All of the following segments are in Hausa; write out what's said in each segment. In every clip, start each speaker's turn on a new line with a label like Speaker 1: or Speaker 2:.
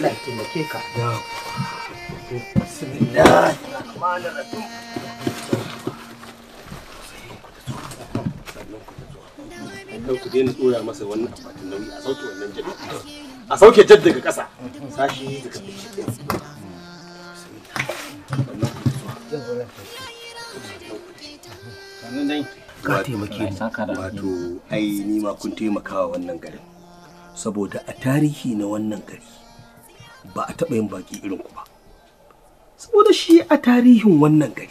Speaker 1: Allah ya taimake ka bismillah rahmanir ku masa wannan akwatin nauyi a sauke wannan jabi a sauke jad daga ƙasa sashi daga ka taimake wato ai ni ma kun taimakawa wannan garin saboda a tarihi na wannan gari ba a taɓa yin baƙi irin ku ba saboda shi a tarihin wannan gari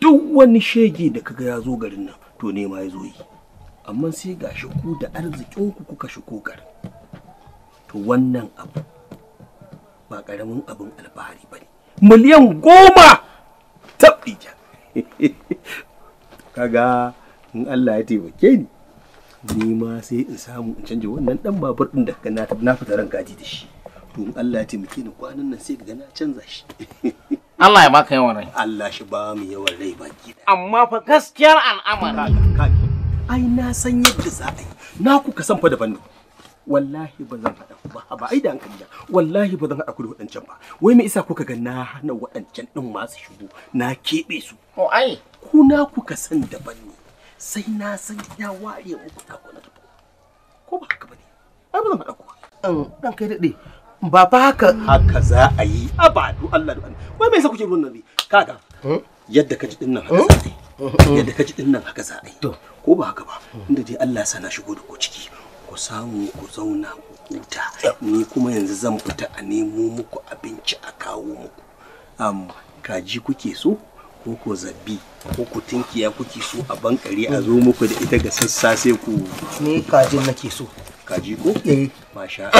Speaker 1: duk wani shege da kaga ya zo garin nan to ne ma ya zo yi amma sai ga ku da arzikinku kuka shigo garin to wannan abu ba ƙaramin abin alfahari ba ne miliyan goma taɓija kaga in Allah ya taimake ni ni ma sai in samu in canja wannan dan babur ɗin da na fita ran gaji da shi don Allah ya taimake ni kwanan nan sai ga na canza shi Allah ya baka yawan rai Allah shi ba mu yawan rai baki amma fa gaskiyar al'amari ai na san yadda za a yi na kuka san fa daban wallahi ba zan haɗa ba ba ai da hankali da wallahi ba zan haɗa ku da waɗancan ba wai me isa kuka ga na hana waɗancan ɗin masu shigo na keɓe su ko ai ku na kuka san daban ne sai na san ya ware muku na ku ko ba haka ba ne ai ba zan haɗa ku ba dan kai daɗe ba fa haka mm. haka za a yi abadu Allah da Allah wai me yasa kuke ruwan nabi kaga hmm? yadda ji dinnan haka hmm? za a yi hmm, yadda ka ji dinnan haka za a yi ko ba haka ba inda dai Allah ya sana shigo da ku ciki ku samu ku zauna ku huta ni kuma yanzu zan fita a nemo muku abinci a kawo muku am kaji kuke so ko ko zabi ko ku tinkiya kuke so a bankare a zo muku da ita ga sassa sai ku ni kajin nake so kaji ko eh masha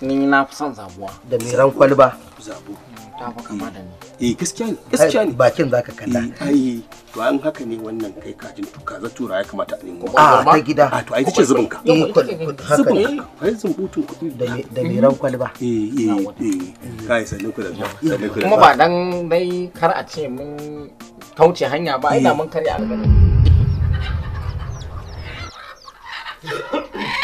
Speaker 1: ni na fi zabuwa da mai ran kwalba zabu mm, ta fa kama da ni eh gaskiya gaskiya ne bakin zaka kalla eh, ai to an haka ne wannan kai kajin tuka za tura ya kamata a nemo a ta gida to ai tace zubin ka eh, zubin ka eh, ai da da mai ran kwalba eh eh kai da kuma ba dan dai kar a ce mun kauce hanya ba ai da mun karya alƙalami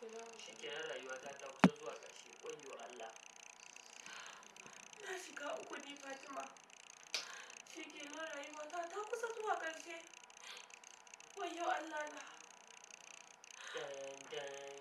Speaker 1: shi kenan rayuwa ta ta kusa zuwa ƙarshe ƙwayo Allah na shiga uku ne Fatima shi rayuwa ta ta kusa zuwa ƙarshe ƙwayo Allah na dan dan